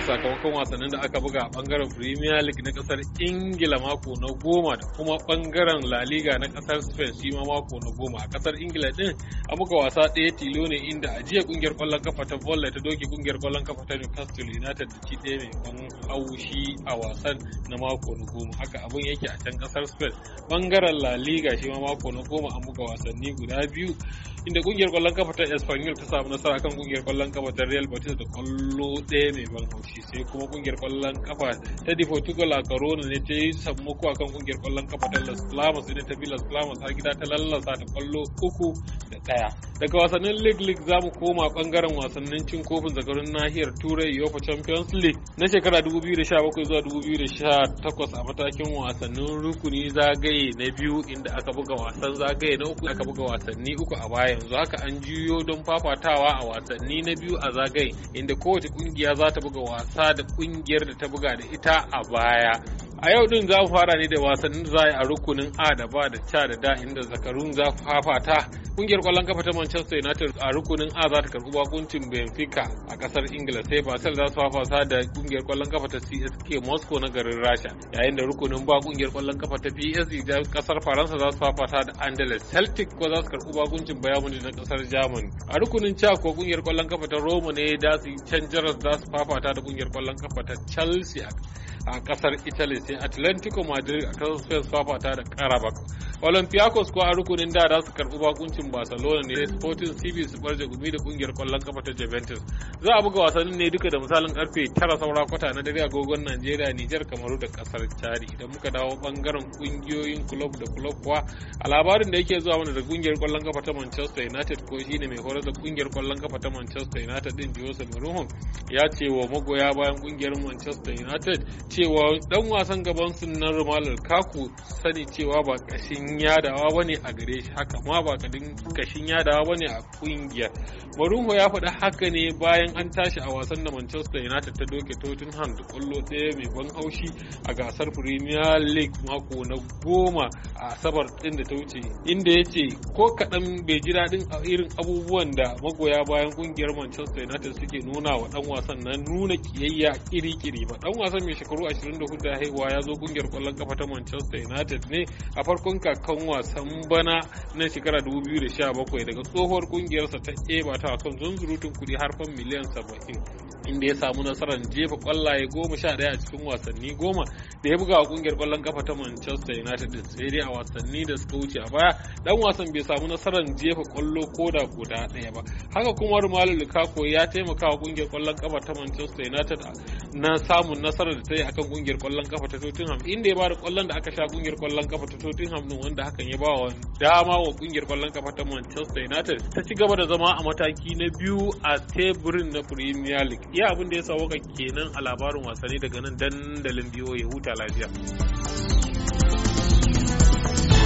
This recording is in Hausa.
sakamakon wasannin da aka buga a bangaren premier league na kasar ingila mako na goma da kuma bangaren la liga na kasar spain shi ma mako na goma a kasar ingila din a buga wasa ɗaya tilo ne inda a jiya kungiyar kwallon kafa ta volle ta doke kungiyar kwallon kafa ta newcastle united da ci ɗaya mai kwan haushi a wasan na mako na goma haka abun yake a can kasar spain bangaren la liga shi ma mako na goma an buga wasanni guda biyu inda kungiyar kwallon kafa ta espanyol ta samu nasara kan kungiyar kwallon kafa ta real betis da kwallo ɗaya mai ban haushi shi sai kuma kungiyar kwallon kafa ta di portugal a corona ne ta yi sammako kan kungiyar kwallon kafa ta las palmas ne ta bi las palmas har gida ta lallasa ta kwallo uku da daya daga wasannin league league za mu koma bangaren wasannin cin kofin zakarun nahiyar turai yofa champions league na shekara 2017 zuwa 2018 a matakin wasannin rukuni zagaye na biyu inda aka buga wasan zagaye na uku aka buga wasanni uku a baya yanzu haka an juyo don fafatawa a wasanni na biyu a zagaye inda kowace kungiya za ta buga wasa da kungiyar da ta buga da ita a baya A yau din za mu fara ne da wasannin za a rukunin A da ba da ca da da inda zakarun za ku hafata. Kungiyar kwallon kafa ta Manchester United a rukunin A za ta karbi bakuncin Benfica a kasar Ingila sai Basel za su hafasa da kungiyar kwallon kafa ta CSK Moscow na garin Rasha. Yayin da rukunin ba kungiyar kwallon kafa ta PSG da kasar Faransa za su hafata da Andalus Celtic ko za su karbi bakuncin Bayern na kasar Germany. A rukunin ca ko kungiyar kwallon kafa ta Roma ne da su yi za su hafata da kungiyar kwallon kafa ta Chelsea a kasar italy sai atlantico madrid a kasar spain fafata da karabakh olympiacos ko a rukunin da za su karbi bakuncin barcelona ne sporting cb su barje gumi da kungiyar kwallon kafa ta juventus za a buga wasannin ne duka da misalin karfe tara saura kwata na dare agogon najeriya nijar kamaru da kasar Chad. idan muka dawo bangaren kungiyoyin club da club kuwa a labarin da yake zuwa mana da kungiyar kwallon kafa ta manchester united ko shine mai horar da kungiyar kwallon kafa ta manchester united din jose mourinho ya ce wa magoya bayan kungiyar manchester united cewa dan wasan gaban su na romelu lukaku sani cewa ba kashin kashin yadawa bane a gare shi haka ma ba kashin yadawa bane a kungiyar Mourinho ya faɗi haka ne bayan an tashi a wasan da Manchester United ta doke Tottenham da kwallo ɗaya mai ban haushi a gasar Premier League mako na goma a Asabar ɗin da ta wuce inda ya ce ko kaɗan bai ji daɗin a irin abubuwan da magoya bayan kungiyar Manchester United suke nuna wa ɗan wasan na nuna kiyayya kiri-kiri ba ɗan wasan mai shekaru 24 da haihuwa ya zo kungiyar kwallon kafa ta Manchester United ne a farkon kan wasan bana na shekara 2017 daga tsohuwar kungiyarsa ta eba ta wasan zunzurutun kudi harfan miliyan 70 inda ya samu nasarar jefa kwallaye goma sha daya a cikin wasanni goma da ya buga wa kungiyar kwallon kafa ta Manchester United din sai dai a wasanni da suka wuce a baya dan wasan bai samu nasarar jefa kwallo ko da guda daya ba haka kuma Romelu Lukaku ya taimaka wa kungiyar kwallon kafa ta Manchester United na samun nasarar da ta yi akan kungiyar kwallon kafa ta Tottenham inda ya bada kwallon da aka sha kungiyar kwallon kafa ta Tottenham din wanda hakan ya ba wa dama wa kungiyar kwallon kafa ta Manchester United ta ci gaba da zama a mataki na biyu a teburin na Premier League iya abin da ya sa waka kenan a labarin wasanni daga nan dandalin biyo ya huta lafiya.